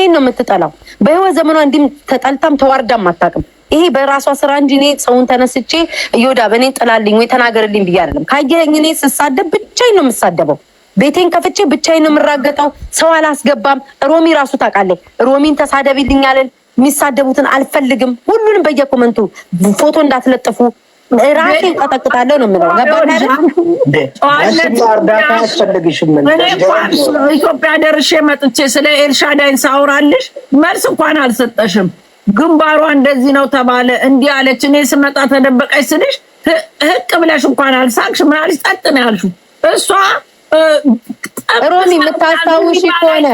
እኔን ነው የምትጠላው። በህይወት ዘመኗ እንዲህ ተጠልታም ተዋርዳም አታውቅም። ይሄ በራሷ ስራ እንጂ እኔ ሰውን ተነስቼ እዮዳ በእኔን ጥላልኝ ወይ ተናገርልኝ ብዬ አይደለም። ካየኸኝ እኔ ስሳደብ ብቻዬን ነው የምሳደበው። ቤቴን ከፍቼ ብቻዬን ነው የምራገጠው። ሰው አላስገባም። ሮሚ ራሱ ታውቃለች። ሮሚን ተሳደቢልኝ አለን። የሚሳደቡትን አልፈልግም። ሁሉንም በየኮመንቱ ፎቶ እንዳትለጥፉ ራሴ ቀጠቅጣለሁ ነው የምለው። እርዳታ አያስፈልግሽም። ኢትዮጵያ ደርሼ መጥቼ ስለ ኤልሻዳይን ሳውራልሽ መልስ እንኳን አልሰጠሽም። ግንባሯ እንደዚህ ነው ተባለ፣ እንዲህ አለች፣ እኔ ስመጣ ተደበቀች ስልሽ ህቅ ብለሽ እንኳን አልሳቅሽ። ምን አልሽ? ነው ያልሽው። እሷ የምታስታውሽ ከሆነ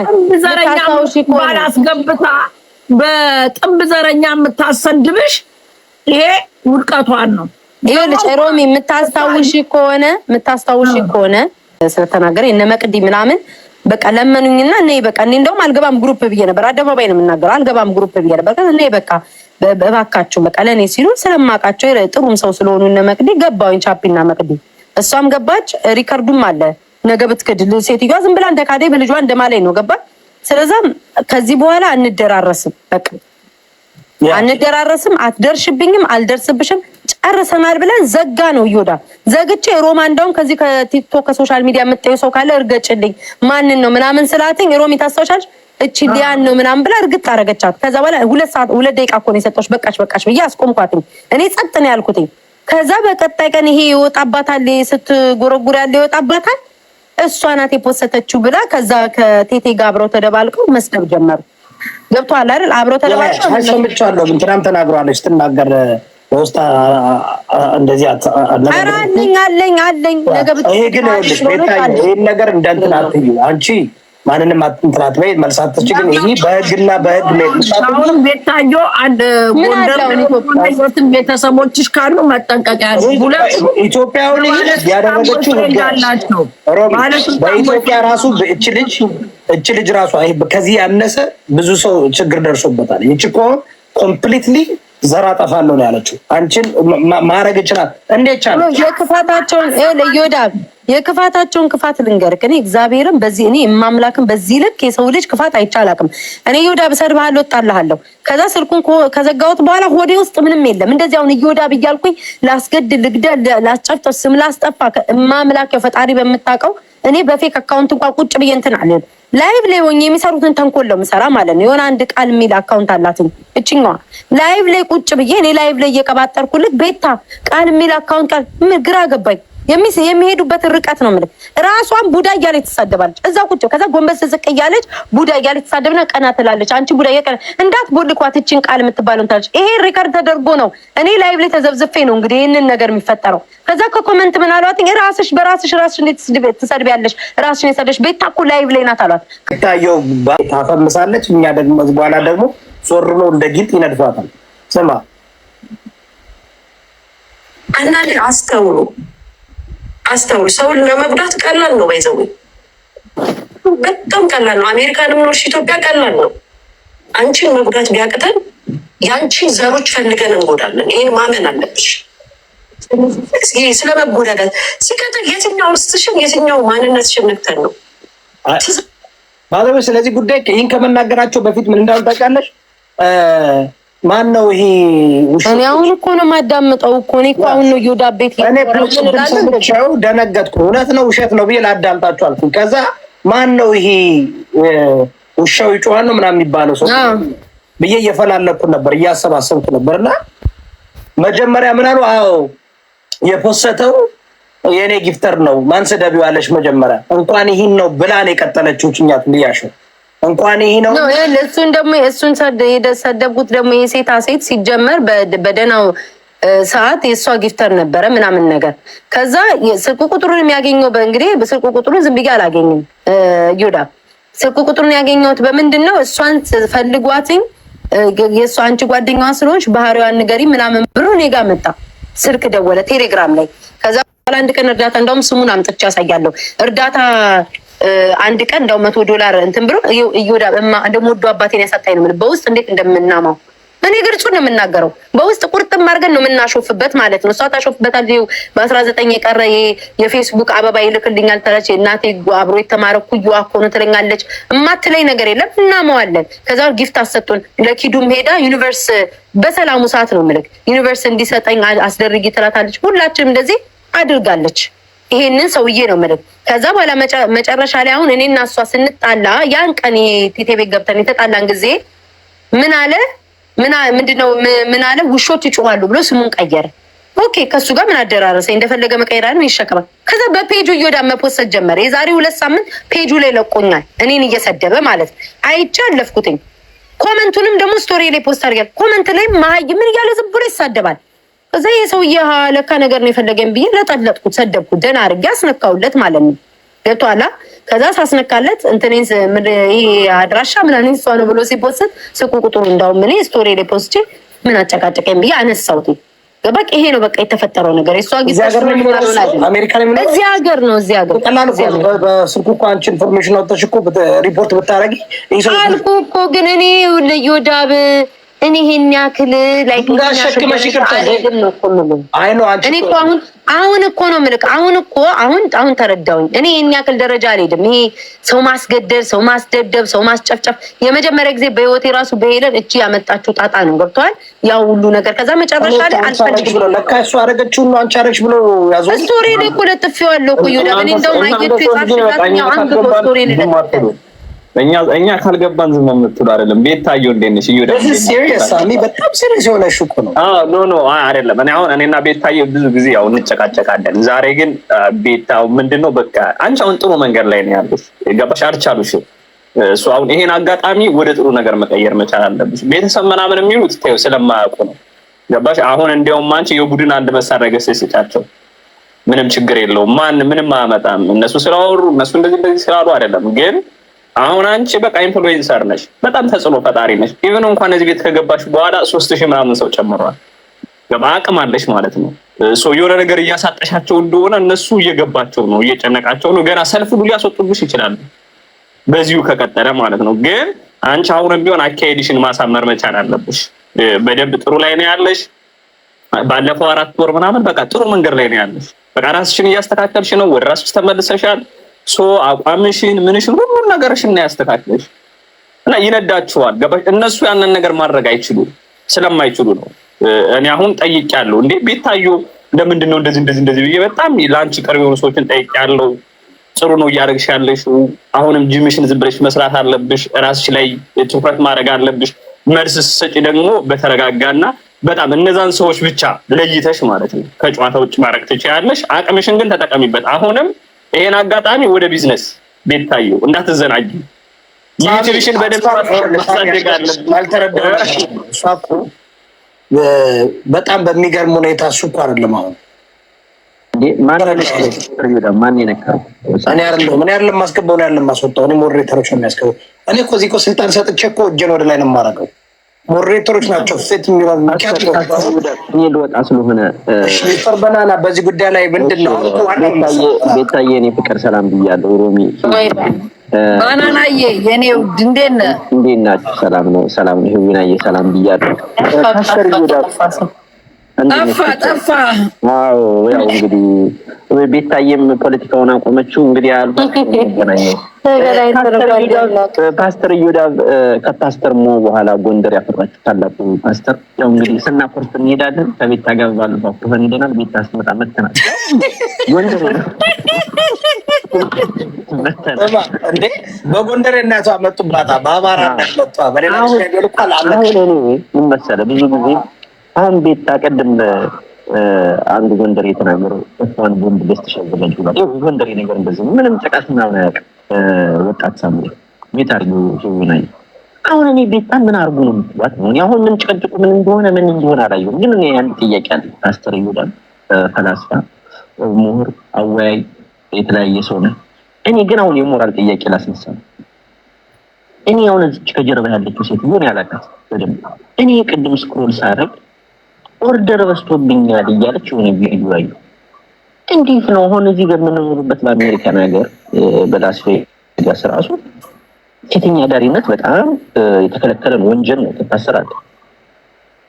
በጥንብ ዘረኛ የምታሰድብሽ ይሄ ውድቀቷን ነው። ይኸውልሽ ሮሚ የምታስታውሽ ከሆነ የምታስታውሽ ከሆነ ስለተናገረ የነ መቅዲ ምናምን በቃ ለመኑኝና እኔ በቃ እኔ እንደውም አልገባም ግሩፕ ብዬ ነበር። አደባባይ ነው የምናገረው። አልገባም ግሩፕ ብዬ ነበር። ግን እኔ በቃ እባካችሁ በቃ ለእኔ ሲሉ ስለማውቃቸው ጥሩም ሰው ስለሆኑ እነ መቅዲ ገባሁኝ። ቻፒና መቅዲ እሷም ገባች። ሪከርዱም አለ። ነገ ብትክድ ሴትዮዋ ዝም ብላ እንደካደ በልጇ እንደማላይ ነው ገባ። ስለዛም ከዚህ በኋላ አንደራረስም በቃ አንደራረስም፣ አትደርሽብኝም፣ አልደርስብሽም ጨርሰናል ብለን ዘጋ ነው እዮዳ ዘግቼ ሮማ እንደውም ከዚህ ከቲክቶክ ከሶሻል ሚዲያ የምታየው ሰው ካለ እርገጭልኝ ማንን ነው ምናምን ስላትኝ ሮሚ ታስታውሻለሽ እቺ ሊያን ነው ምናምን ብላ እርግጥ አረገቻት። ከዛ በኋላ ሁለት ሰዓት ሁለት ደቂቃ እኮ ነው የሰጠሁሽ በቃሽ በቃሽ ብዬ አስቆምኳትኝ። እኔ ጸጥ ነው ያልኩትኝ። ከዛ በቀጣይ ቀን ይሄ ይወጣባታል ስትጎረጉር ያለ ይወጣባታል እሷ ናት የፖሰተችው ብላ ከዛ ከቴቴ ጋር አብረው ተደባልቀው መስደብ ጀመሩ። ገብቷል አይደል? አብሮ ተለባሰምቻለሁ። ግን ትናንት ተናግሯለች ትናገር በውስጥ እንደዚህ አለኝ አለኝ አለኝ ነገር ይሄ ግን ይሄን ነገር እንዳንትን አትዩ አንቺ ማንንም እንትናት በይ መልሳት ትችል ግን ይህ በህግና በህግ ሁን ቤታዮ አንድ ጎንደርትም ቤተሰቦችሽ ካሉ መጠንቀቂያ ኢትዮጵያውን ያደረገችው ላቸው በኢትዮጵያ ራሱ እች ልጅ እች ልጅ ራሱ ከዚህ ያነሰ ብዙ ሰው ችግር ደርሶበታል። ይች ኮ ኮምፕሊትሊ ዘር አጠፋለሁ ነው ያለችው። አንቺን ማድረግ ይችላል እንዴት ቻለ? የክፋታቸውን ለዮዳ የክፋታቸውን ክፋት ልንገርክ። እኔ እግዚአብሔርን በዚህ እኔ የማምላክን በዚህ ልክ የሰው ልጅ ክፋት አይቻላቅም። እኔ ዮዳብ እሰድብሃለሁ፣ እጣልሃለሁ። ከዛ ስልኩን ከዘጋሁት በኋላ ሆዴ ውስጥ ምንም የለም። እንደዚህ አሁን ዮዳ ብያልኩኝ ላስገድ ልግደል፣ ላስጨፍጠ፣ ስም ላስጠፋ ማምላክ የፈጣሪ በምታውቀው እኔ በፌክ አካውንት እንኳን ቁጭ ብዬ እንትን አለን ላይቭ ላይ ሆኜ የሚሰሩትን ተንኮል ነው የምሰራ ማለት ነው። የሆነ አንድ ቃል የሚል አካውንት አላትኝ እችኛዋ ላይቭ ላይ ቁጭ ብዬ እኔ ላይቭ ላይ እየቀባጠርኩልት ቤታ ቃል የሚል አካውንት ቃል ግራ ገባኝ። የሚስ የሚሄዱበትን ርቀት ነው የምልህ። ራሷን ቡዳ እያለች ትሳደባለች እዛ ቁጭ ከዛ ጎንበስ ዝቅ እያለች ቡዳ እያለች ትሳደብና ቀና ትላለች። አንቺ ቡዳ የቀና እንዳት ቦልኳት እችን ቃል የምትባለውን ትላለች። ይሄ ሪከርድ ተደርጎ ነው እኔ ላይቭ ላይ ተዘብዝፌ ነው እንግዲህ ይህንን ነገር የሚፈጠረው። ከዛ ከኮመንት ምን አሏት፣ ራስሽ በራስሽ ራስሽ እንዴት ትሰድቢያለሽ? ራስሽን የሰደሽ ቤታ እኮ ላይቭ ላይ ናት አሏት። ታየው ታፈምሳለች። እኛ ደግሞ በኋላ ደግሞ ዞር ብሎ እንደ ጊጥ ይነድፋታል። ስማ አንዳንዴ አስተውሉ አስተውል። ሰውን ለመጉዳት ቀላል ነው፣ ባይዘው በጣም ቀላል ነው። አሜሪካንም ኖርሽ ኢትዮጵያ ቀላል ነው። አንቺን መጉዳት ቢያቅተን የአንቺን ዘሮች ፈልገን እንጎዳለን። ይህን ማመን አለብሽ። ይሄ ስለመጎዳዳት ሲቀጥል የትኛው ውስጥሽን የትኛው ማንነትሽን ነክተን ነው ማለት። ስለዚህ ጉዳይ ይህን ከመናገራቸው በፊት ምን እንዳሉ ታውቂያለሽ? ማን ነው ይሄ? እኔ አሁን እኮ ነው የማዳምጠው እኮ እኔ እኮ አሁን ነው ይሁዳ ቤት ብቻው ደነገጥኩ። እውነት ነው ውሸት ነው ብዬ ላዳምጣችሁ አልኩኝ። ከዛ ማን ነው ይሄ ውሻው ይጮሃል ነው ምናምን የሚባለው ሰው ብዬ እየፈላለኩ ነበር እያሰባሰብኩ ነበር። እና መጀመሪያ ምን አሉ? አዎ የፖሰተው የእኔ ጊፍተር ነው ማንስደቢው አለች። መጀመሪያ እንኳን ይህን ነው ብላን የቀጠለችው ችኛት ልያሸው እንኳን ይሄ ነው እሱን ደግሞ እሱን የሰደብኩት ደግሞ የሴታ ሴት ሲጀመር በደህናው ሰዓት የእሷ ጊፍተር ነበረ ምናምን ነገር። ከዛ ስልክ ቁጥሩን የሚያገኘው በእንግዲህ ስልክ ቁጥሩን ዝም ብዬ አላገኝም። ዮዳ ስልክ ቁጥሩን ያገኘሁት በምንድን ነው? እሷን ፈልጓትኝ የእሷ አንቺ ጓደኛዋ ስለሆንሽ ባህሪዋን ንገሪ ምናምን ብሎ እኔ ጋ መጣ። ስልክ ደወለ ቴሌግራም ላይ። ከዛ በኋላ አንድ ቀን እርዳታ እንደውም ስሙን አምጥቼ ያሳያለሁ እርዳታ አንድ ቀን እንደው መቶ ዶላር እንትን ብሎ እዮዳ እማ እንደምወዱ አባቴን ያሳጣኝ ነው በውስጥ እንዴት እንደምናማው እኔ ግርጹን ነው የምናገረው። በውስጥ ቁርጥም አድርገን ነው የምናሾፍበት ማለት ነው። እሷ ታሾፍበታል። በአስራ ዘጠኝ የቀረ የፌስቡክ አበባ ይልክልኛል ትላለች። እናቴ አብሮ የተማረ ኩዩ አኮኑ ትለኛለች። እማትለኝ ነገር የለም። እናመዋለን። ከዛ ጊፍት አሰጡን። ለኪዱም ሄዳ ዩኒቨርስ በሰላሙ ሰዓት ነው ምልክ ዩኒቨርስ እንዲሰጠኝ አስደርጊ ትላታለች። ሁላችንም እንደዚህ አድርጋለች። ይሄንን ሰውዬ ነው የምልህ። ከዛ በኋላ መጨረሻ ላይ አሁን እኔና እሷ ስንጣላ ያን ቀን ቴቴ ቤት ገብተን የተጣላን ጊዜ ምን አለ ምንድነው ምን አለ ውሾች ይጮኋሉ ብሎ ስሙን ቀየረ። ኦኬ ከእሱ ጋር ምን አደራረሰ እንደፈለገ መቀየራንም ይሸከማል። ከዛ በፔጁ እየወዳ መፖሰት ጀመረ። የዛሬ ሁለት ሳምንት ፔጁ ላይ ለቆኛል፣ እኔን እየሰደበ ማለት ነው። አይቼ አለፍኩትኝ። ኮመንቱንም ደግሞ ስቶሪ ላይ ፖስት አድርጊያለሁ። ኮመንት ላይ ማይ ምን እያለ ዝም ብሎ ይሳደባል። እዛ የሰውዬ ለካ ነገር ነው የፈለገን ብዬ ለጠለጥኩት፣ ሰደብኩት፣ ደህና አድርጌ አስነካውለት ማለት ነው። ገብቶሃል? ከዛ ሳስነካለት እንትኔን አድራሻ ምናምን እሷ ነው ብሎ ሲፖስት ስቁ ቁጥሩ እንዳውም እኔ ስቶሪ ላይ ፖስቼ ምን አጨቃጨቀኝ ብዬ አነሳውት። በቃ ይሄ ነው በቃ የተፈጠረው ነገር። እሷ እዚህ ሀገር ነው እዚህ ሀገር ነው በስልኩ እኮ አንቺ ኢንፎርሜሽን አውጥተሽ እኮ ሪፖርት ብታረጊ አልኩ እኮ ግን እኔ ለዮዳብ እኔ ይሄን ያክል ላይ እኔ አሁን አሁን እኮ ነው ምልክ አሁን እኮ አሁን አሁን ተረዳውኝ። እኔ ይሄን ያክል ደረጃ አልሄድም። ይሄ ሰው ማስገደል፣ ሰው ማስደብደብ፣ ሰው ማስጨፍጨፍ የመጀመሪያ ጊዜ በህይወቴ ራሱ በሄለን እቺ ያመጣችው ጣጣ ነው። ገብቶሃል? ያው ሁሉ ነገር ከዛ መጨረሻ ላይ አልፈልግም ለካ እሱ አረገችው ነው አንቺ አረግሽ ብሎ ያዞ ስቶሪ ላይ እኮ ለጥፌዋለሁ እኮ ይሁዳ እኔ እንደውም አይጌቱ የጻፍሽላትኛው አንብቦ ስቶሪ ልለጥፍ እኛ እኛ ካልገባን ዝም የምትሉ አይደለም። ቤታየሁ እንዴት ነሽ? በጣም ሲሪየስ የሆነ ነው። ኖ ኖ አይደለም። እኔ አሁን እኔና ቤታየሁ ብዙ ጊዜ ያው እንጨቃጨቃለን። ዛሬ ግን ቤታው ምንድን ነው በቃ አንቺ አሁን ጥሩ መንገድ ላይ ነው ያለሽ። ገባሽ? አልቻሉሽ እሱ አሁን ይሄን አጋጣሚ ወደ ጥሩ ነገር መቀየር መቻል አለብሽ። ቤተሰብ ምናምን የሚሉት ተይው ስለማያውቁ ነው። ገባሽ? አሁን እንዲያውም አንቺ የቡድን አንድ መሳሪያ ገዝተሽ ስጫቸው ምንም ችግር የለውም። ማን ምንም አያመጣም። እነሱ ስላወሩ እነሱ እንደዚህ እንደዚህ ስላሉ አይደለም ግን አሁን አንቺ በቃ ኢንፍሉዌንሰር ነሽ፣ በጣም ተጽዕኖ ፈጣሪ ነሽ። ኢቨን እንኳን እዚህ ቤት ከገባሽ በኋላ ሶስት ሺህ ምናምን ሰው ጨምሯል። አቅም አለሽ ማለት ነው። ሰው የሆነ ነገር እያሳጠሻቸው እንደሆነ እነሱ እየገባቸው ነው፣ እየጨነቃቸው ነው። ገና ሰልፍ ሁሉ ሊያስወጡብሽ ይችላሉ፣ በዚሁ ከቀጠለ ማለት ነው። ግን አንቺ አሁንም ቢሆን አካሄድሽን ማሳመር መቻል አለብሽ። በደንብ ጥሩ ላይ ነው ያለሽ። ባለፈው አራት ወር ምናምን በቃ ጥሩ መንገድ ላይ ነው ያለሽ። በቃ ራስሽን እያስተካከልሽ ነው፣ ወደ ራስሽ ተመልሰሻል። ሶ አቋምሽን ምንሽን ሁሉን ነገርሽን ነው ያስተካክለሽ እና ይነዳችኋል። እነሱ ያንን ነገር ማድረግ አይችሉ ስለማይችሉ ነው። እኔ አሁን ጠይቄያለሁ። እንዴ ቤታዮ ለምንድን ነው እንደዚህ እንደዚህ እንደዚህ ብዬ በጣም ለአንቺ ቅርብ የሆኑ ሰዎችን ጠይቄያለሁ። ጥሩ ነው እያደረግሽ ያለሽ። አሁንም ጅምሽን ዝም ብለሽ መስራት አለብሽ። ራስሽ ላይ ትኩረት ማድረግ አለብሽ። መልስ ስሰጪ ደግሞ በተረጋጋና በጣም እነዛን ሰዎች ብቻ ለይተሽ ማለት ነው ከጨዋታ ውጭ ማድረግ ትችያለሽ። አቅምሽን ግን ተጠቀሚበት አሁንም ይሄን አጋጣሚ ወደ ቢዝነስ ቤት ታየው እንዳትዘናጅ። ዩቲዩብሽን በደንብ በጣም በሚገርም ሁኔታ እሱ እኮ አይደለም አሁን እኔ አይደለሁም እኔ አይደለም ማስገባው ነው ያለ ማስወጣው እኔ ሞዴሬተሮች ነው የሚያስገባው። እኔ እኮ እዚህ እኮ ስልጣን ሰጥቼ እኮ እጄን ወደ ላይ ነው የማደርገው። ሞሬተሮች ናቸው። ሴት የሚባል ልወጣ ስለሆነ ሚስተር በናና በዚህ ጉዳይ ላይ ምንድን ነው ቤታዬ? እኔ ፍቅር ሰላም ብያለሁ። ሮሚ ባናናዬ የኔ ውድ እንዴት ነህ? እንዴት ናችሁ? ሰላም ነው፣ ሰላም ነው። ህዊናዬ ሰላም ብያለሁ። ጠፋ ጠፋ። አዎ ያው እንግዲህ ቤታዬም ፖለቲካውን አቆመችው። እንግዲህ ፓስተር ከፓስተር ሞ በኋላ ጎንደር ያፈራችሁ ታላቁ ፓስተር፣ ያው እንግዲህ እንሄዳለን። ከቤታ ጋር ቤታ ስመጣ መተናል። ጎንደር በጎንደር እናቷ መጡባታ፣ በአማራ በሌላ ምን ብዙ ጊዜ አሁን ቤት አቀድም አንድ ጎንደሬ የተናገረው እሷን ቦምብ ገዝተሻል ብላችሁ ይባል። ይህ ጎንደሬ ነገር እንደዚህ ምንም ጥቃት ምናምን አያውቅም። ወጣት ሳምሪ ቤት አድርጎ ሲሆናይ አሁን እኔ ቤታን ምን አርጉ ነው የምትባት? ነው? አሁን ምን ጨጭቁ ምን እንደሆነ ምን እንደሆነ አላየሁም። ግን እኔ አንድ ጥያቄ አለ። ፓስተር ይሁዳል ፈላስፋ፣ ምሁር፣ አወያይ የተለያየ ሰው ነህ። እኔ ግን አሁን የሞራል ጥያቄ ላስነሳ ነው። እኔ አሁን እዚች ከጀርባ ያለችው ሴት ሆን ያላቃት በደንብ እኔ ቅድም ስክሮል ሳረግ ኦርደር በስቶብኛል እያለች የሆነ ቪዲዮ አዩ። እንዴት ነው አሁን እዚህ በምንኖሩበት በአሜሪካን ሀገር በላስ ቬጋስ ራሱ ሴተኛ አዳሪነት በጣም ነው፣ ወንጀል ነው፣ ትታሰራለህ።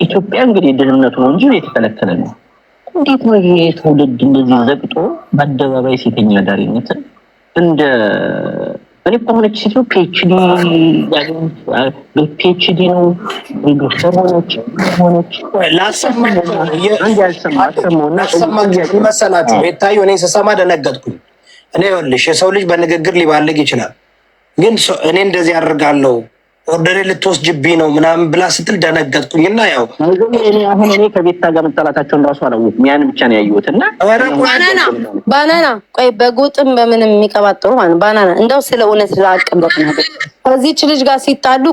ኢትዮጵያ እንግዲህ የደህንነቱ ወንጀል የተከለከለ ነው። እንዴት ነው ይሄ ትውልድ እንደዚህ ዘግጦ በአደባባይ ሴተኛ አዳሪነትን እንደ እኔ እኮ ሆነች ሴትዮ ፒኤችዲ ፒኤችዲ ነው ዶክተር ሆነች ሆነች መሰላት ቤታዮ። እኔ ስሰማ ደነገጥኩኝ። እኔ ይኸውልሽ የሰው ልጅ በንግግር ሊባልግ ይችላል፣ ግን እኔ እንደዚህ አደርጋለሁ ኦርደሬ ልትወስጅብኝ ነው ምናምን ብላ ስትል ደነገጥኩኝ። እና ያው አሁን እኔ ከቤታ ጋር መጣላታቸውን ራሱ አላወኩም። ያን ብቻ ነው ያየሁት። እና ባናና ቆይ በጎጥም በምንም የሚቀባጥሩ ማለት ባናና፣ እንደው ስለ እውነት ላቅበት ነገር ከዚች ልጅ ጋር ሲጣሉ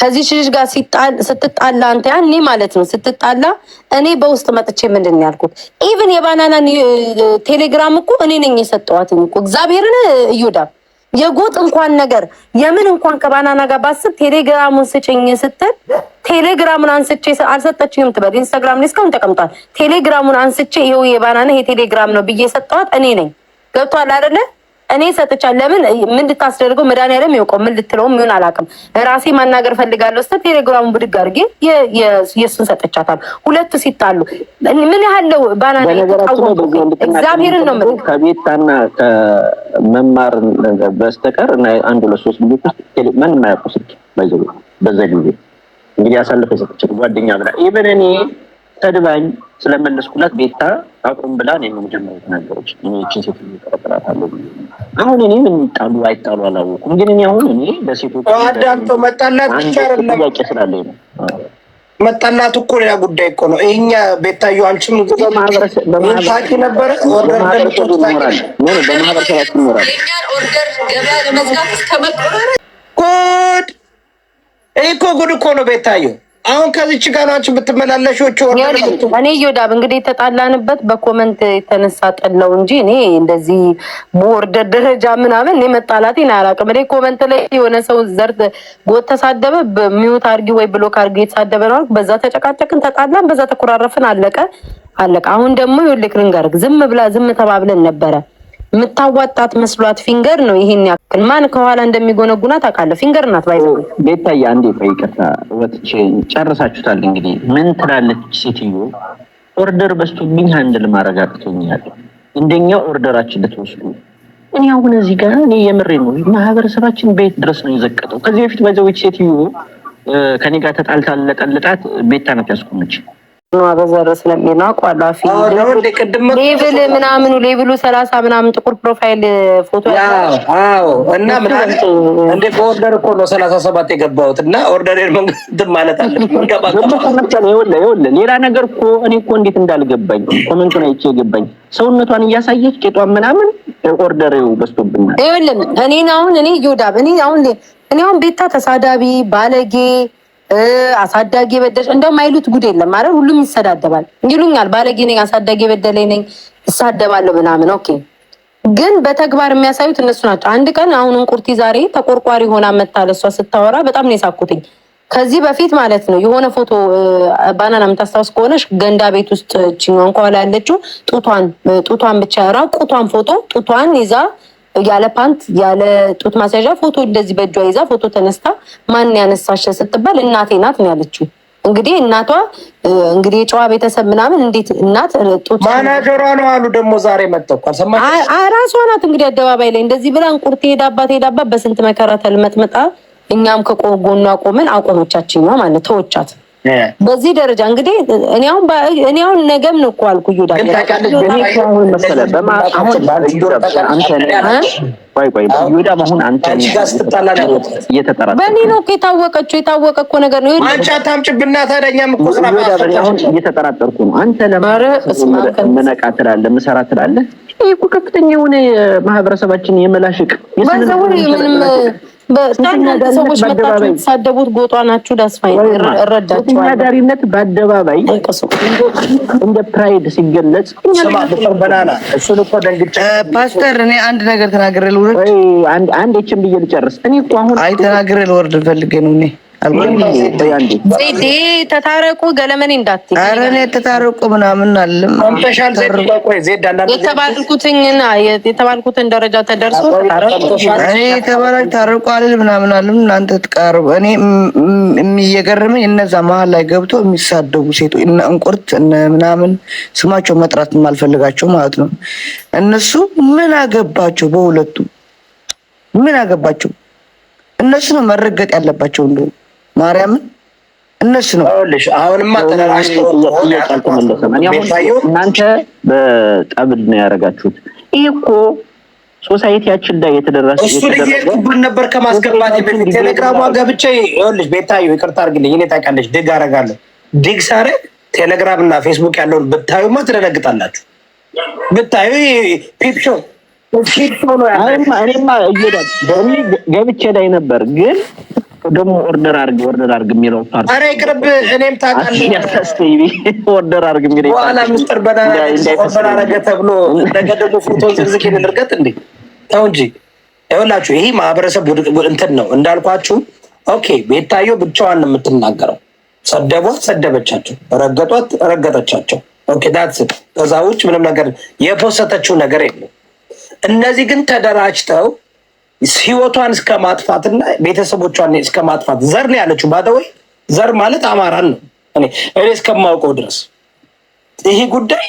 ከዚች ልጅ ጋር ስትጣላ አንተ ያኔ ማለት ነው ስትጣላ፣ እኔ በውስጥ መጥቼ ምንድን ያልኩት ኢቭን የባናናን ቴሌግራም እኮ እኔ ነኝ የሰጠዋት እኮ እግዚአብሔርን እዩዳ የጎጥ እንኳን ነገር የምን እንኳን ከባናና ጋር ባስብ ቴሌግራሙን ስጭኝ ስትል ቴሌግራሙን አንስቼ አልሰጠችኝም ትበል። ኢንስታግራም ላይ እስካሁን ተቀምጧል። ቴሌግራሙን አንስቼ ይኸው የባናና የቴሌግራም ነው ብዬ ሰጠኋት እኔ ነኝ። ገብቷል አይደለ? እኔ ሰጥቻለሁ። ለምን ምን እንድታስደርገው መድኃኒዓለም ያውቀው ምን ልትለውም ይሁን አላውቅም። ራሴ ማናገር ፈልጋለሁ ስተ ቴሌግራሙ ብድግ አድርጌ የእሱን ሰጥቻታል። ሁለቱ ሲጣሉ ምን ያህል ነው ባና እግዚአብሔርን ነው የምልህ ከቤታና ከመማር በስተቀር አንድ ሁለት ሶስት ልጆች ውስጥ ማንም አያውቁ ስልክ በዛ ጊዜ እንግዲህ አሳልፈ የሰጠችን ጓደኛ ብላ ኢቨን እኔ ተድባኝ ስለመለስኩላት ቤታ አቁም ብላ ነው የመጀመሪያ ነገሮች እኔችን ሴት እጠረጥራታለሁ። አሁን እኔ ምን ይጣሉ አይጣሉ አላወቁም፣ ግን እኔ አሁን እኔ በሴቶች አዳምጦ መጣላት ጥያቄ ስላለኝ ነው። መጣላት እኮ ሌላ ጉዳይ እኮ ነው። ይሄኛ ቤታዩ አንቺም ታቂ ነበረ በማህበረሰባችን ጉድ። ይህ እኮ ጉድ እኮ ነው ቤታዩ አሁን ከዚች ጋር ናችሁ ብትመላለሾች። እኔ እዮዳብ እንግዲህ የተጣላንበት በኮመንት የተነሳ ጠለው እንጂ እኔ እንደዚህ ቦርደር ደረጃ ምናምን እኔ መጣላቴን አላውቅም። እኔ ኮመንት ላይ የሆነ ሰው ዘር ጎት ተሳደበ፣ ሚዩት አርጊ ወይ ብሎክ አርጊ የተሳደበ ነው። በዛ ተጨቃጨቅን፣ ተጣላን፣ በዛ ተኮራረፍን፣ አለቀ አለቀ። አሁን ደግሞ ይኸውልህ ልንገርህ፣ ዝም ብላ ዝም ተባብለን ነበረ የምታዋጣት መስሏት ፊንገር ነው። ይሄን ያክል ማን ከኋላ እንደሚጎነጉና ታውቃለህ? ፊንገር ናት። ባይዘ ቤታዬ፣ አንዴ በይቅርታ ወጥቼ ጨርሳችሁታል። እንግዲህ ምን ትላለች ሴትዮ? ኦርደር በዝቶብኝ ሀንድል ማድረግ አቅቶኛል። እንደኛ ኦርደራችን ልትወስዱ እኔ አሁን እዚህ ጋር እኔ የምሬ ነው። ማህበረሰባችን በየት ድረስ ነው የዘቀጠው? ከዚህ በፊት ባይዘዎች ሴትዮ ከኔ ጋር ተጣልታ ለጠልጣት ቤታ ናት ያስቆመች ማበዘር ስለሚል ስለሚናቁ አላፊ አፍ ሌብል ምናምኑ ሌብሉ ሰላሳ ምናምን ጥቁር ፕሮፋይል ፎቶ እና ምናምን እንደ ኦርደር እኮ ነው ሰላሳ ሰባት የገባሁት እና ኦርደር መንገድ ማለት አለ ሌላ ነገር እኮ እኔ እኮ እንዴት እንዳልገባኝ ኮመንቱን አይቼ የገባኝ ሰውነቷን እያሳየች ቄጧን ምናምን ኦርደር በስቶብናል። ይኸውልህ እኔን አሁን እኔ ዮዳብ እኔ አሁን እኔ አሁን ቤታ ተሳዳቢ ባለጌ አሳዳጊ የበደለሽ እንደውም አይሉት ጉድ የለም ማለት ሁሉም ይሰዳደባል። ይሉኛል ባለጌ ነኝ፣ አሳዳጊ የበደለኝ ነኝ፣ እሳደባለሁ ምናምን። ኦኬ ግን በተግባር የሚያሳዩት እነሱ ናቸው። አንድ ቀን አሁን እንቁርቲ ዛሬ ተቆርቋሪ ሆና መታለሷ ስታወራ በጣም ነው የሳኩትኝ። ከዚህ በፊት ማለት ነው የሆነ ፎቶ ባናና የምታስታውስ ከሆነሽ ገንዳ ቤት ውስጥ ችኛን ከኋላ ያለችው ጡቷን ጡቷን ብቻ ራቁቷን ፎቶ ጡቷን ይዛ ያለ ፓንት ያለ ጡት ማስያዣ ፎቶ እንደዚህ በእጇ ይዛ ፎቶ ተነስታ ማን ያነሳሽ ስትባል እናቴ ናት ነው ያለችው። እንግዲህ እናቷ እንግዲህ የጨዋ ቤተሰብ ምናምን እንዴት እናት ጡት ማናጀሯ ነው አሉ። ደግሞ ዛሬ መጠቋል ራሷ ናት እንግዲህ አደባባይ ላይ እንደዚህ ብላ እንቁርት ሄዳባት ሄዳባት በስንት መከራ ተልመጥመጣ እኛም ከጎኗ ቆመን አቆኖቻችን ነው ማለት ተወቻት። በዚህ ደረጃ እንግዲህ እኔ አሁን ነገም ነው እኮ አልኩ። ይሁዳ በእኔ ነው እኮ የታወቀችው። የታወቀ እኮ ነገር ነው። አንቺ አታምጪብና ታዲያ እኮ አሁን እየተጠራጠርኩ ነው። አንተ ለማረ መነቃ ትላለ ምሰራ ትላለ። ይሄ እኮ ከፍተኛ የሆነ ማህበረሰባችን የመላሽቅ ምንም ሰዎች መጣችሁ የተሳደቡት ጎጧ ናችሁ። ዳስፋይ እረዳችኋለሁ። ዳሪነት በአደባባይ እንደ ፕራይድ ሲገለጽ ፓስተር፣ እኔ አንድ ነገር ተናግሬ ልውረድ። አንድ ችን ብዬ ልጨርስ። እኔ እኮ አሁን አይ ተናግሬ ልወርድ ፈልጌ ነው እኔ ተታረቁ ገለመኔ ኧረ እኔ ተታረቁ ምናምን አለም የተባልኩትን ደረጃ ተደርሶ እኔ ታረቁ አልል ምናምን አለም እናንተ ትቃርቡ። እኔ እነዛ መሀል ላይ ገብቶ የሚሳደቡ ሴቶች እነ እንቁርት ምናምን ስማቸው መጥራት የማልፈልጋቸው ማለት ነው። እነሱ ምን አገባቸው? በሁለቱ ምን አገባቸው? እነሱ ነው መረገጥ ያለባቸው እንደሆነ ማርያምን እነሱ ነው ልሽ አሁንማ ተደራጅተው እናንተ በጠብል ነው ያደረጋችሁት። ይህ እኮ ሶሳይቲያችን ላይ የተደረሰ እሱ ልጅ ቡድን ነበር ከማስገባት በፊት ቴሌግራሟ ገብቼ ይኸውልሽ፣ ቤታዩ ይቅርታ አድርግልኝ፣ እኔ ታውቂያለሽ ድግ አደርጋለሁ። ድግ ሳረ ቴሌግራም እና ፌስቡክ ያለውን ብታዩማ ትደነግጣላችሁ። ብታዩ ፒፕሾ ፒፕሾ ነው ያለ እኔማ እየዳ ገብቼ ላይ ነበር ግን ደግሞ ኦርደር አርግ ኦርደር አርግ የሚለው ፓርት ኧረ ይቅርብ። እኔም ታውቃለህ ኦርደር አርግ የሚለው በኋላ ምስጢር ኦርደር ተብሎ ነገ ደግሞ ፎቶ ዝርዝቅ የምንርገጥ እንዴ? ተው እንጂ ይኸውላችሁ፣ ይህ ማህበረሰብ እንትን ነው እንዳልኳችሁ። ኦኬ ቤታየው ብቻዋን ነው የምትናገረው። ሰደቧት፣ ሰደበቻቸው፣ ረገጧት፣ ረገጠቻቸው። ኦኬ ዳትስ ከዛ ውጭ ምንም ነገር የፖሰተችው ነገር የለም። እነዚህ ግን ተደራጅተው ህይወቷን እስከ ማጥፋትና ቤተሰቦቿን እስከ ማጥፋት ዘር ነው ያለችው። ባደወይ ዘር ማለት አማራን ነው እኔ እኔ እስከማውቀው ድረስ ይሄ ጉዳይ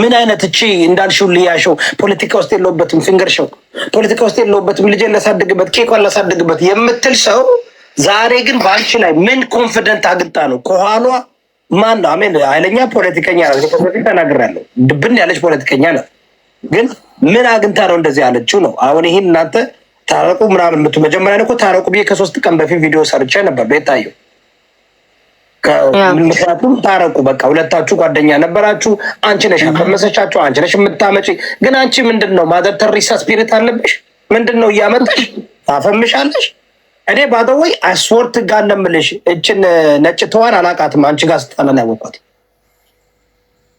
ምን አይነት እቺ እንዳልሽው ልያሸው ፖለቲካ ውስጥ የለውበትም፣ ፊንገር ሸው ፖለቲካ ውስጥ የለውበትም፣ ልጄን ላሳድግበት፣ ኬኳን ላሳድግበት የምትል ሰው ዛሬ ግን በአንቺ ላይ ምን ኮንፊደንት አግጣ ነው? ከኋሏ ማን ነው? አሜን ኃይለኛ ፖለቲከኛ ናት። ከዚህ ተናግራለሁ። ድብን ያለች ፖለቲከኛ ናት ግን ምን አግኝታ ነው እንደዚህ ያለችው ነው። አሁን ይህን እናንተ ታረቁ ምናምን የምትሉ መጀመሪያ እኮ ታረቁ ብዬ ከሶስት ቀን በፊት ቪዲዮ ሰርቼ ነበር ቤታየሁ። ምክንያቱም ታረቁ በቃ ሁለታችሁ ጓደኛ ነበራችሁ። አንቺ ነሽ አፈመሰቻችሁ፣ አንቺ ነሽ የምታመጪ። ግን አንቺ ምንድን ነው ማዘር ተሪሳ ስፒሪት አለብሽ? ምንድን ነው እያመጣሽ ታፈምሻለሽ? እኔ ባደወይ አስወርት ጋር እንደምልሽ እችን ነጭ ተዋን አላቃትም። አንቺ ጋር ስታለን ያወቋት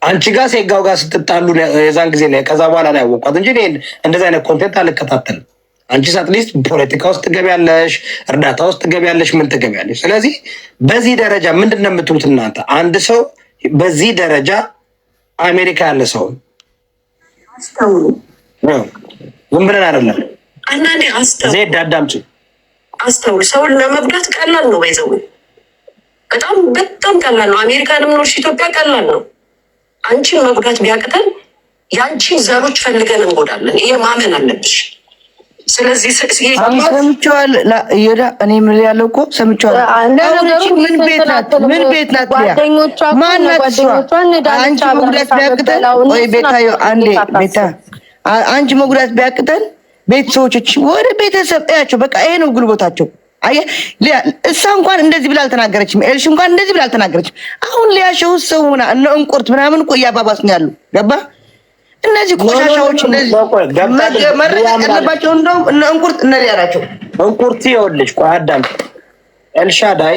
አንቺ ጋር ሴጋው ጋር ስትጣሉ የዛን ጊዜ ነው። ከዛ በኋላ ላይ ያወቋት እንጂ እንደዚ አይነት ኮንቴንት አልከታተልም። አንቺ አትሊስት ፖለቲካ ውስጥ ትገቢያለሽ፣ እርዳታ ውስጥ ትገቢያለሽ፣ ምን ትገቢያለሽ። ስለዚህ በዚህ ደረጃ ምንድን ነው የምትሉት እናንተ? አንድ ሰው በዚህ ደረጃ አሜሪካ ያለ ሰው አስተውሉ። ዝም ብለን አይደለም ዜድ አዳምጪ፣ አስተውሉ። ሰውን ለመብዳት ቀላል ነው፣ ይዘው በጣም በጣም ቀላል ነው። አሜሪካንም ኖርሽ ኢትዮጵያ ቀላል ነው። አንቺን መጉዳት ቢያቅተን የአንቺን ዘሮች ፈልገን እንጎዳለን። ይሄ ማመን አለብሽ። ስለዚህ እኔ ምን ያለው እኮ ሰምቼዋል። ምን ቤት ናት? ምን ቤት ናት? ማናት? አንቺ መጉዳት ቢያቅተን ወይ ቤታዮ፣ አንዴ ቤታ፣ አንቺ መጉዳት ቢያቅተን ቤተሰቦች ወደ ቤተሰብ ያቸው በቃ ይሄ ነው ጉልበታቸው። እሷ እንኳን እንደዚህ ብላ አልተናገረችም። ኤልሽ እንኳን እንደዚህ ብላ አልተናገረችም። አሁን ሊያሸው ሰው እነ እንቁርት ምናምን እኮ እያባባስ ነው ያሉ። ገባ እነዚህ ቆሻሻዎች እነዚህ ያለባቸው እንደውም እነ እንቁርት እነ እንቁርት ኤልሻዳይ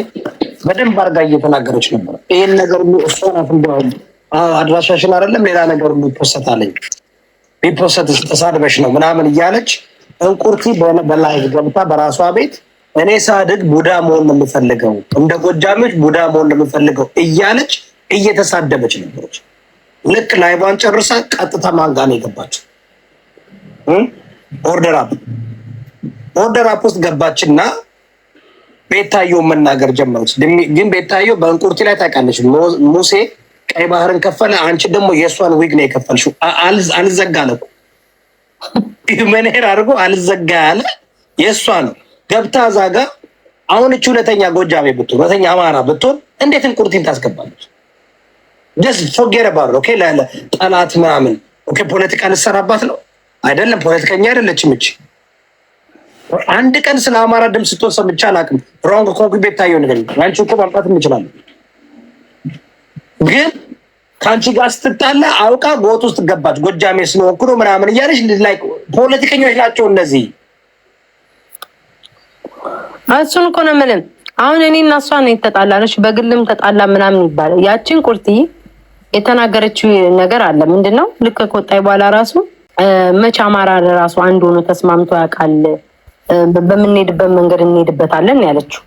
በደንብ እየተናገረች ነበር። ይህን ነገር ሁሉ እሷ ናት እንደውም አድራሻሽን አይደለም ሌላ ነገር ሁሉ ይፖሰታለኝ ቢፖሰት ተሳድበሽ ነው ምናምን እያለች እንቁርቲ በላይቭ ገብታ በራሷ ቤት እኔ ሳድግ ቡዳ መሆን ነው የምፈልገው፣ እንደ ጎጃሚዎች ቡዳ መሆን ነው የምፈልገው እያለች እየተሳደበች ነበረች። ልክ ላይቧን ጨርሳ ቀጥታ ማን ጋር ነው የገባችው? ኦርደር አፕ ኦርደር አፕ ውስጥ ገባችና ቤታዮ መናገር ጀመረች። ግን ቤታዮ በእንቁርቲ ላይ ታውቃለች። ሙሴ ቀይ ባህርን ከፈለ፣ አንቺ ደግሞ የእሷን ዊግ ነው የከፈልሽው። አልዘጋ አለ እኮ መንሄር አድርጎ አልዘጋ ያለ የእሷ ነው ገብታ እዛ ጋ አሁን እቺ ሁለተኛ ጎጃሜ ብትሆን ሁለተኛ አማራ ብትሆን እንዴት እንቁርቲን ታስገባለች? ደስ ፎጌር ባሉ ኦኬ፣ ለለ ጠላት ምናምን ኦኬ፣ ፖለቲካ ልሰራባት ነው አይደለም። ፖለቲከኛ አይደለችም እቺ። አንድ ቀን ስለ አማራ ድምፅ ስትሆን ሰምቼ አላውቅም። ሮንግ ኮንግ ቤት ታየው ነገር አንቺ እኮ ማምጣት እንችላለን፣ ግን ከአንቺ ጋር ስትጣላ አውቃ ጎጥ ውስጥ ገባች። ጎጃሜ ስለወክሎ ምናምን እያለች ፖለቲከኞች ናቸው እነዚህ እሱን እኮ ነው የምልህ። አሁን እኔ እና እሷ ነው የተጣላን፣ በግልም ተጣላ ምናምን ይባላል። ያችን ቁርቲ የተናገረችው ነገር አለ ምንድን ነው? ልክ ከወጣኝ በኋላ ራሱ መቼ አማራ ራሱ አንድ ሆኖ ተስማምቶ ያውቃል? በምንሄድበት መንገድ እንሄድበታለን ያለችው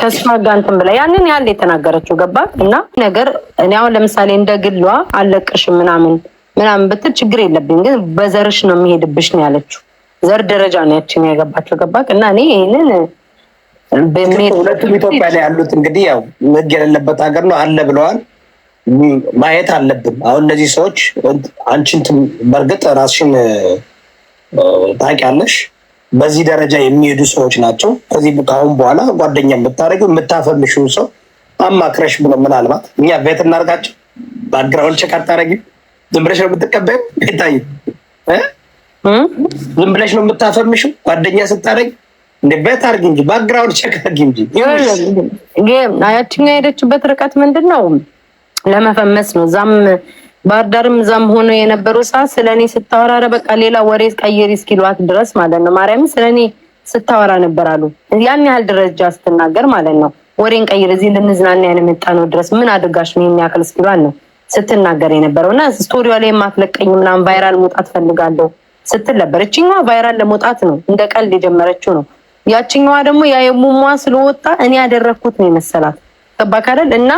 ከእሷ ጋር እንትን ብላ ያንን ያለ የተናገረችው ገባ እና ነገር እኔ አሁን ለምሳሌ እንደ ግሏ አልለቅሽም ምናምን ምናምን ብትል ችግር የለብኝ፣ ግን በዘርሽ ነው የሚሄድብሽ ነው ያለችው። ዘር ደረጃ ነው ያችን ያገባቸው ገባት እና እኔ ይህንን ሁለቱም ኢትዮጵያ ላይ ያሉት እንግዲህ ያው ህግ የሌለበት ሀገር ነው አለ ብለዋል። ማየት አለብን። አሁን እነዚህ ሰዎች አንቺን በእርግጥ ራስሽን ታውቂያለሽ። በዚህ ደረጃ የሚሄዱ ሰዎች ናቸው። ከዚህ ከአሁን በኋላ ጓደኛ የምታደርጊው የምታፈምሽው ሰው አማክረሽ ብሎ ምናልባት እኛ ቤት እናርጋቸው ባግራውን ቸክ አታረጊ። ዝም ብለሽ ነው የምትቀበዩ። ይታይ ዝም ብለሽ ነው የምታፈምሽው ጓደኛ ስታደርጊ እንደ ቤት አድርግ እንጂ ባክግራውንድ ቼክ አድርግ እንጂ ጌም አያችኛ የሄደችበት ርቀት ምንድን ነው? ለመፈመስ ነው። እዛም ባህር ዳርም እዛም ሆኖ የነበረው ሰዓት ስለኔ ስታወራረ በቃ ሌላ ወሬ ቀይሪ እስኪሏት ድረስ ማለት ነው። ማርያም ስለኔ ስታወራ ነበር አሉ። ያን ያህል ደረጃ ስትናገር ማለት ነው። ወሬን ቀይር እዚህ ልንዝናና ያን የመጣ ነው ድረስ ምን አድርጋሽ ነው የሚያክል እስኪሏት ነው ስትናገር የነበረው እና ስቶሪዋ ላይ የማትለቀኝ ምናምን ቫይራል መውጣት ፈልጋለሁ ስትል ነበር። እችኛዋ ቫይራል ለመውጣት ነው እንደ ቀልድ የጀመረችው ነው ያችኛዋ ደግሞ ያ የሙሟ ስለወጣ እኔ ያደረግኩት ነው የመሰላት ገባክ እና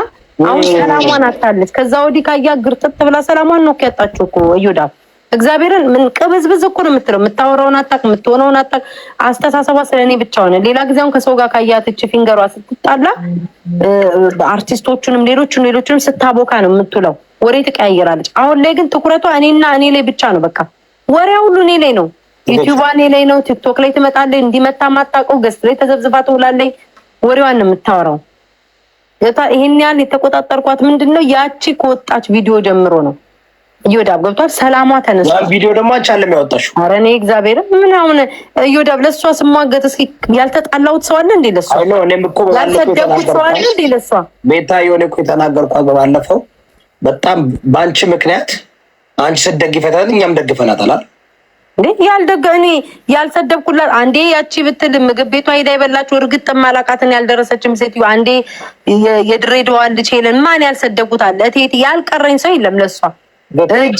አሁን ሰላሟን አታለች። ከዛ ወዲህ ካያ ግርጥጥ ብላ ሰላሟን ነው ያጣችው እኮ እዮዳ። እግዚአብሔርን ምን ቅብዝብዝ እኮ ነው የምትለው። የምታወራውን አታውቅ፣ የምትሆነውን አታውቅ። አስተሳሰቧ ስለ እኔ ብቻ ሆነ። ሌላ ጊዜውን ከሰው ጋር ካያትች ፊንገሯ ስትጣላ አርቲስቶቹንም ሌሎችን ሌሎችንም ስታቦካ ነው የምትውለው። ወሬ ትቀያየራለች። አሁን ላይ ግን ትኩረቷ እኔና እኔ ላይ ብቻ ነው። በቃ ወሬ ሁሉ እኔ ላይ ነው። ዩቲዩባኔ ላይ ነው፣ ቲክቶክ ላይ ትመጣለች። እንዲመታ ማታውቀው ገስት ላይ ተዘብዝባ ትውላለች። ወሬዋን ነው የምታወራው። ይህን ያህል የተቆጣጠርኳት ምንድን ነው ያቺ ከወጣች ቪዲዮ ጀምሮ ነው። እዮዳብ ገብቷል። ሰላሟ ተነስቷል። ቪዲዮ ደግሞ አንቺ አለም ያወጣሽው። ኧረ እኔ እግዚአብሔር ምን አሁን እዮዳብ ለእሷ ስሟገት እስኪ ያልተጣላሁት ሰው አለ እንዴ? ለእሷ ያልሰደኩት ሰው አለ እንዴ? ለእሷ ቤታ የሆነ እኮ የተናገርኳት ባለፈው በጣም በአንቺ ምክንያት አንቺ ስትደግፈታል እኛም ደግፈናታል። እንዴ ያልደገ እኔ ያልሰደብኩላት አንዴ ያቺ ብትል ምግብ ቤቷ ሄዳ የበላችሁ እርግጥ ማላቃትን ያልደረሰችም ሴትዮ አንዴ የድሬዳዋን ልጅ ሄለን ማን ያልሰደብኩት አለ እቴት ያልቀረኝ ሰው የለም። ለሷ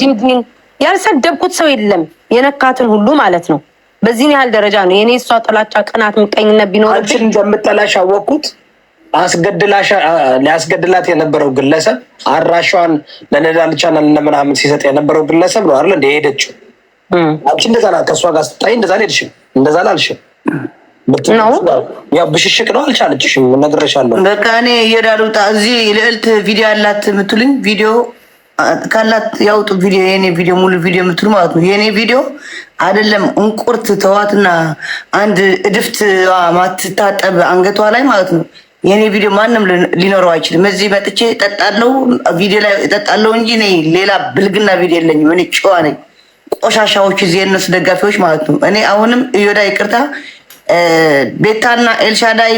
ጂንጂን ያልሰደብኩት ሰው የለም። የነካትን ሁሉ ማለት ነው። በዚህን ያህል ደረጃ ነው የእኔ እሷ ጥላቻ፣ ቅናት፣ ምቀኝነት ቢኖር አንቺን እንደምጠላሽ አወቅኩት። ሊያስገድላት የነበረው ግለሰብ አድራሿን ለነዳልቻና ለነምናምን ሲሰጥ የነበረው ግለሰብ ነው አይደል እንደ ሄደችው አንቺ እንደዛ ከእሷ ጋር ስታይ እንደዛ አልሄድሽም፣ እንደዛ አላልሽም። ያው ብሽሽቅ ነው አልቻለችሽም። እነግርሻለሁ። በቃ እኔ እየዳሉ እዚህ ልዕልት ቪዲዮ አላት የምትሉኝ ቪዲዮ ካላት ያውጡ። ቪዲዮ የኔ ቪዲዮ ሙሉ ቪዲዮ የምትሉ ማለት ነው። የኔ ቪዲዮ አይደለም እንቁርት ተዋትና አንድ እድፍት ማትታጠብ አንገቷ ላይ ማለት ነው። የኔ ቪዲዮ ማንም ሊኖረው አይችልም። እዚህ መጥቼ ጠጣለው ቪዲዮ ላይ ጠጣለው እንጂ እኔ ሌላ ብልግና ቪዲዮ የለኝም። እኔ ጨዋ ነኝ። ቆሻሻዎች እዚህ የእነሱ ደጋፊዎች ማለት ነው። እኔ አሁንም እዮዳ ይቅርታ፣ ቤታና ኤልሻዳይ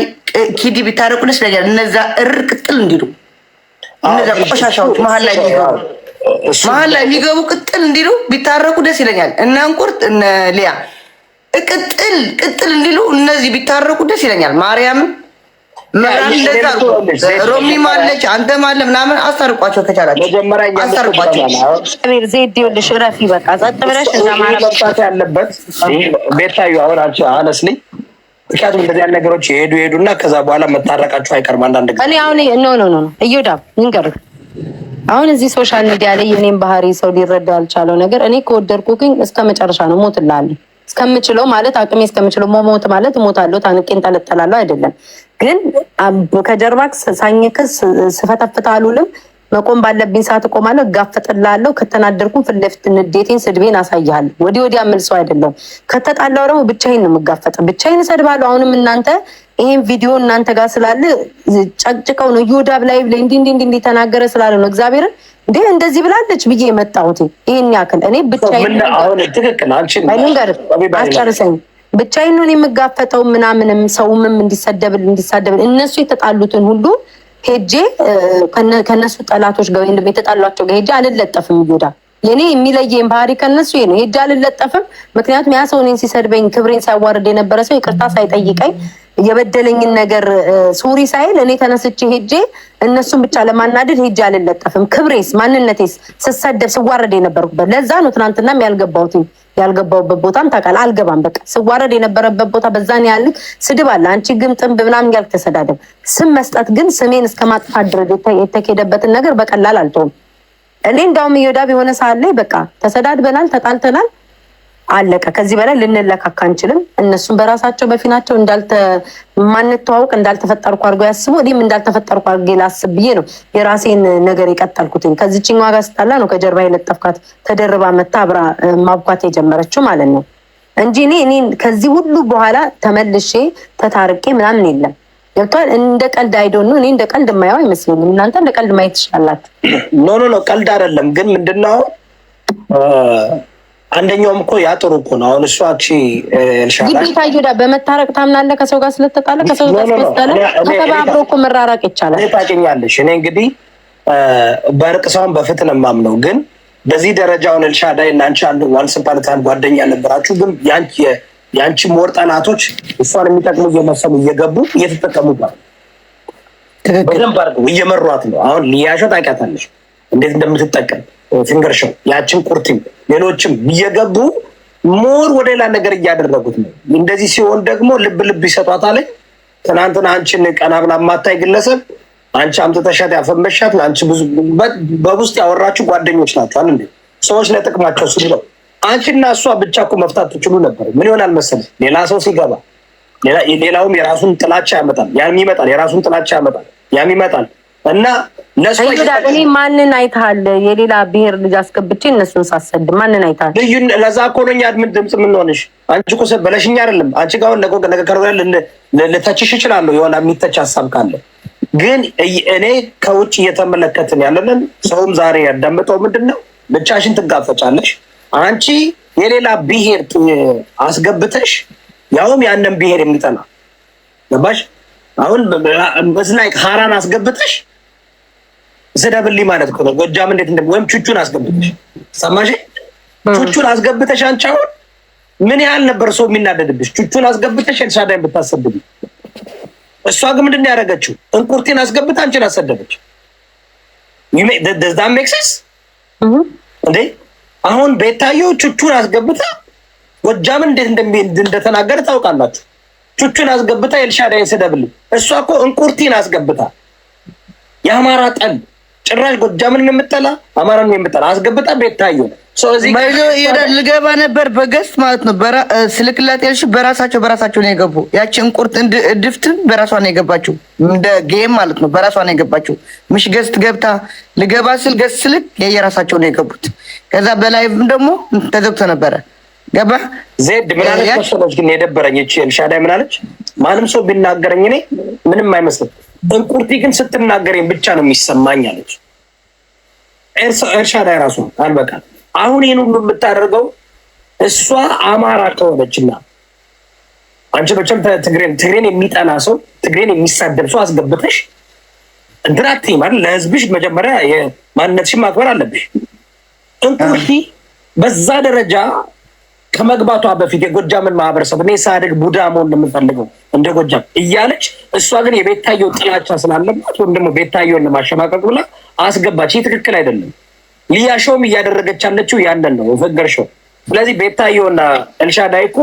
ኪዲ ቢታረቁ ደስ ይለኛል። እነዛ እር ቅጥል እንዲሉ እነዛ ቆሻሻዎች መሀል ላይ የሚገቡ መሀል ላይ የሚገቡ ቅጥል እንዲሉ ቢታረቁ ደስ ይለኛል። እነ እንቁርት እነ ሊያ ቅጥል ቅጥል እንዲሉ እነዚህ ቢታረቁ ደስ ይለኛል ማርያምን ሮሚም አለች አንተም አለ ምናምን አስታርቋቸው አስታርቋቸው። ዜድ ይኸውልሽ እረፊ በቃ ጸጥ ብለሽ እዛ ያለበት ቤታዩ አሁን አነስኒ ምክንያቱም እንደዚህ ነገሮች የሄዱ የሄዱ እና ከዛ በኋላ መታረቃቸው አይቀርም። አንዳንድ ጊዜ እኔ አሁን ኖ ኖ ኖ አሁን እዚህ ሶሻል ሚዲያ ላይ የኔም ባህሪ ሰው ሊረዳ ያልቻለው ነገር እኔ ግን እስከ መጨረሻ ነው ሞት ላለ እስከምችለው ማለት አቅሜ እስከምችለው መሞት ማለት እሞታለሁ፣ ታንቄ እንጠለጠላለሁ አይደለም። ግን ከጀርባ ሳኝክስ ስፈተፍታ አልውልም መቆም ባለብኝ ሰዓት እቆማለሁ፣ እጋፈጥላለሁ። ከተናደርኩም ፊት ለፊት ንዴቴን፣ ስድቤን አሳያለሁ። ወዲህ ወዲያ መልሰው አይደለም። ከተጣላው ደግሞ ብቻዬን ነው የምጋፈጥ፣ ብቻዬን እሰድባለሁ። አሁንም እናንተ ይህን ቪዲዮ እናንተ ጋር ስላለ ጨቅጭቀው ነው ዮዳብ ላይ ብለ እንዲ እንዲ እንዲ ተናገረ ስላለ ነው እግዚአብሔርን እንደ እንደዚህ ብላለች ብዬ የመጣሁት ይህን ያክል እኔ ብቻዬን አስጨርሰኝ ብቻዬን ነው የምጋፈጠው ምናምንም ሰውምም እንዲሰደብል እንዲሳደብል እነሱ የተጣሉትን ሁሉ ሄጄ ከነሱ ጠላቶች ጋር ወይም የተጣሏቸው ጋር ሄጄ አልለጠፍም ይጎዳል የኔ የሚለየኝ ባህሪ ከነሱ ነው። ሄጄ አልለጠፍም። ምክንያቱም ያ ሰው እኔን ሲሰድበኝ ክብሬን ሲያዋርድ የነበረ ሰው ይቅርታ ሳይጠይቀኝ የበደለኝን ነገር ሶሪ ሳይል እኔ ተነስቼ ሄጄ እነሱን ብቻ ለማናደድ ሄጄ አልለጠፍም። ክብሬስ ማንነቴስ ስሰደብ ስዋረድ የነበርኩበት ለዛ ነው። ትናንትናም ያልገባሁት ያልገባሁበት ቦታም ታውቃለህ፣ አልገባም። በቃ ስዋረድ የነበረበት ቦታ በዛን ያልክ ስድብ አለ። አንቺ ግምጥም ምናምን ያልክ ተሰዳደብ። ስም መስጠት ግን ስሜን እስከ ማጥፋት ድረስ የተኬደበትን ነገር በቀላል አልተውም። እኔ እንዳውም እዮዳብ የሆነ ሰዓት ላይ በቃ ተሰዳድበናል፣ ተጣልተናል፣ አለቀ። ከዚህ በላይ ልንለካካ አንችልም። እነሱም በራሳቸው በፊናቸው ማንተዋውቅ እንዳልተፈጠርኩ አድርገው ያስቡ፣ እኔም እንዳልተፈጠርኩ አድርጌ ላስብ ብዬ ነው የራሴን ነገር የቀጠልኩትኝ። ከዚችኛዋ ጋር ስጣላ ነው ከጀርባ የለጠፍኳት ተደርባ መታ አብራ ማብኳት የጀመረችው ማለት ነው እንጂ እኔ እኔ ከዚህ ሁሉ በኋላ ተመልሼ ተታርቄ ምናምን የለም። ገብቷል። እንደ ቀልድ አይዶን እኔ እንደ ቀልድ የማየው አይመስለኝም። እናንተ እንደ ቀልድ ማየት ትችላላችሁ። ኖ ኖ ኖ ቀልድ አይደለም። ግን ምንድነው አንደኛውም እኮ ያጥሩ እኮ ነው። አሁን እሷ ቺ ግዴታ ይዳ በመታረቅ ታምናለ ከሰው ጋር ስለተጣለ ከሰው ጋር ስለተጣለ ከተባብሮ እኮ መራራቅ ይቻላል። ታውቂኛለሽ፣ እኔ እንግዲህ በእርቅ ሳይሆን በፍትህ ነው የማምነው። ግን በዚህ ደረጃ ልሻዳይ ኤልሻዳይ አንዱ አንቺ አንድ ዋንስ ፓርታን ጓደኛ ነበራችሁ፣ ግን ያንቺ የአንቺ ሞር ጠላቶች እሷን የሚጠቅሙ እየመሰሉ እየገቡ እየተጠቀሙባት በደንብ አድርገው እየመሯት ነው። አሁን ሊያሸው ታውቂያታለሽ እንዴት እንደምትጠቀም ፊንገር ሾው ያችን ቁርቲ ሌሎችም እየገቡ ሞር ወደ ሌላ ነገር እያደረጉት ነው። እንደዚህ ሲሆን ደግሞ ልብ ልብ ይሰጧት ይሰጧታል። ትናንትና አንቺን ቀና ብላ ማታይ ግለሰብ አንቺ አምጥተሻት ያፈመሻት ለአንቺ ብዙ በውስጥ ያወራችሁ ጓደኞች ናቸዋል እንዴ ሰዎች ለጥቅማቸው ስሉ ነው አንቺና እሷ ብቻ እኮ መፍታት ትችሉ ነበር። ምን ይሆናል መሰለህ፣ ሌላ ሰው ሲገባ ሌላውም የራሱን ጥላቻ ያመጣል፣ ያም ይመጣል፣ የራሱን ጥላቻ ያመጣል፣ ያም ይመጣል እና እኔ ማንን አይተሃል? የሌላ ብሔር ልጅ አስገብቼ እነሱን ሳሰድ ማንን አይተሃል? ልዩ ለዛ እኮ ነው እኛ አድምጥ ድምፅ የምንሆንሽ። አንቺ እኮ በለሽኝ አይደለም። አንቺ ጋር አሁን ልተችሽ እችላለሁ፣ የሆነ የሚተች ሀሳብ ካለ ግን እኔ ከውጭ እየተመለከትን ያለንን ሰውም ዛሬ ያዳምጠው ምንድን ነው ብቻሽን ትጋፈጫለሽ አንቺ የሌላ ብሄር አስገብተሽ ያውም ያንን ብሄር የሚጠላ ገባሽ? አሁን በስላይ ሀራን አስገብተሽ ስደብልኝ ማለት እኮ ነው። ጎጃም እንዴት ወይም ቹቹን አስገብተሽ ሰማሽ? ቹቹን አስገብተሽ አንቺ አሁን ምን ያህል ነበር ሰው የሚናደድብሽ? ቹቹን አስገብተሽ ኤልሻዳይን ብታሰድብ፣ እሷ ግን ምንድን ያደረገችው? እንቁርቴን አስገብታ አንቺን አሰደበች። ሜክስስ እንዴ አሁን ቤታዬ ቹቹን አስገብታ ጎጃምን እንዴት እንደሚል እንደተናገረ ታውቃላችሁ። ቹቹን አስገብታ ኤልሻዳይን ስደብልኝ። እሷ እኮ እንቁርቲን አስገብታ የአማራ ጠል ጭራሽ ጎጃምን የምጠላ አማራን የምጠላ አስገብታ ቤታዬ ልገባ ነበር በገስት ማለት ነው። ስልክላት ያልሽ በራሳቸው በራሳቸው ነው የገቡ። ያቺ እንቁርት ድፍትን በራሷ ነው የገባችው፣ እንደ ጌም ማለት ነው። በራሷ ነው የገባችው። ምሽ ገስት ገብታ ልገባ ስል ገስት ስልክ የየራሳቸው ነው የገቡት። ከዛ በላይቭም ደግሞ ተዘግቶ ነበረ። ገባ ዜድ ምናለች መሰለች? ግን የደበረኝ እቺ ኤልሻዳይ ምናለች? ማንም ሰው ቢናገረኝ እኔ ምንም አይመስልም፣ እንቁርቲ ግን ስትናገረኝ ብቻ ነው የሚሰማኝ አለች ኤልሻዳይ ራሱ አልበቃ። አሁን ይህን ሁሉ የምታደርገው እሷ አማራ ከሆነችና አንቺ መቼም ትግሬን ትግሬን የሚጠላ ሰው ትግሬን የሚሳደብ ሰው አስገብተሽ እንትን አትይም አይደል? ለህዝብሽ መጀመሪያ ማንነትሽን ማክበር አለብሽ። እንቁርሺ በዛ ደረጃ ከመግባቷ በፊት የጎጃምን ማህበረሰብ እኔ ሳድግ ቡዳ መሆን የምፈልገው እንደ ጎጃም እያለች እሷ ግን የቤታየው ጥላቻ ስላለባት ወይም ደግሞ ቤታየውን ለማሸማቀቅ ብላ አስገባች። ይህ ትክክል አይደለም። ሊያሾም እያደረገች ያለችው ያንን ነው ፍቅር ሾው። ስለዚህ ቤታየውና ኤልሻዳይ እኮ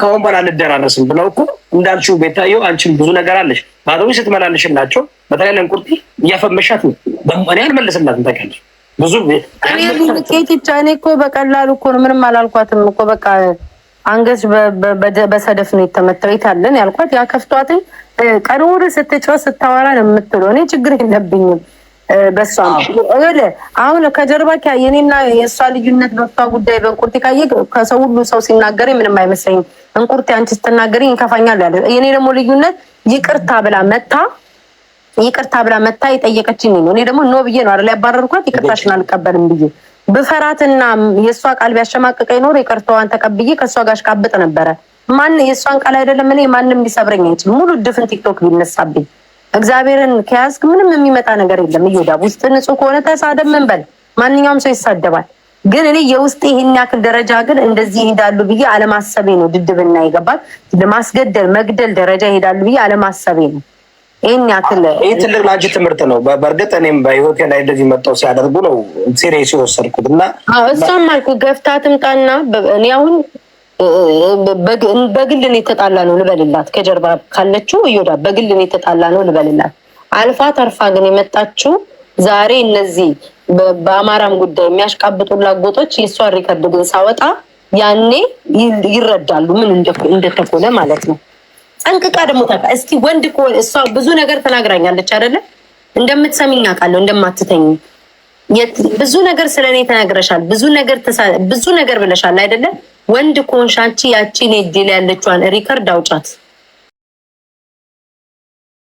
ከአሁን በኋላ አንደራረስም ብለው እኮ እንዳልችው ቤታየው አንቺን ብዙ ነገር አለሽ ባቶች ስትመላልሽላቸው በተለይ ለእንቁርቲ እያፈመሻት ነው። እኔ አልመልስላትም ታውቂያለሽ ብዙ እኔ እኮ በቀላሉ እኮ ነው ምንም አላልኳትም እኮ በቃ አንገትሽ በሰደፍ ነው የተመታው ይታለን ያልኳት ያከፍቷትን ቀርቦር ስትጫው ስታወራ ነው የምትለው። እኔ ችግር የለብኝም በሷ አሁን ከጀርባ የኔና የእሷ ልዩነት በእሷ ጉዳይ በእንቁርቴ ካየ ከሰው ሁሉ ሰው ሲናገረኝ ምንም አይመስለኝም። እንቁርቴ አንቺ ስትናገረኝ ይከፋኛል ያለ የኔ ደግሞ ልዩነት ይቅርታ ብላ መታ ይቅርታ ብላ መታ የጠየቀችኝ ነው። እኔ ደግሞ ኖ ብዬ ነው አይደል ያባረርኳት። ይቅርታሽን አልቀበልም ብዬ ብፈራትና የእሷ ቃል ቢያሸማቅቀኝ ኖሮ ይቅርታዋን ተቀብዬ ከእሷ ጋር አሽቃብጥ ነበረ። ማን የእሷን ቃል አይደለም እኔ ማንም ሊሰብረኝ አይችል። ሙሉ ድፍን ቲክቶክ ቢነሳብኝ እግዚአብሔርን ከያዝክ ምንም የሚመጣ ነገር የለም። እዮዳብ ውስጥ ንጹህ ከሆነ ተሳደብ፣ ምን በል ማንኛውም ሰው ይሳደባል። ግን እኔ የውስጥ ይህን ያክል ደረጃ ግን እንደዚህ ይሄዳሉ ብዬ አለማሰቤ ነው ድድብና ይገባል። ማስገደል መግደል ደረጃ ይሄዳሉ ብዬ አለማሰቤ ነው ይህን ያክል ይህ ትልቅ ላጅ ትምህርት ነው። በእርግጥ እኔም በህይወቴ ላይ እንደዚህ መጣው ሲያደርጉ ነው ሲሪየስ የወሰድኩት እና እሷም አልኩ ገፍታ ትምጣና እኔ አሁን በግል ነው የተጣላ ነው ልበልላት፣ ከጀርባ ካለችው እዮዳ በግል ነው የተጣላ ነው ልበልላት። አልፋ ተርፋ ግን የመጣችው ዛሬ እነዚህ በአማራም ጉዳይ የሚያሽቃብጡ ላጎጦች የእሷን ሪከርድ ግን ሳወጣ ያኔ ይረዳሉ ምን እንደተኮነ ማለት ነው። ጠንቅቃ ደግሞ ታውቃ እስኪ ወንድ ከሆነ እሷ ብዙ ነገር ተናግራኛለች አይደለ? እንደምትሰሚኝ አውቃለሁ እንደማትተኝ ብዙ ነገር ስለ እኔ ተናግረሻል። ብዙ ነገር ብዙ ነገር ብለሻል አይደለ? ወንድ ከሆንሽ አንቺ ያቺን እጅ ላይ ያለችዋን ሪከርድ አውጫት።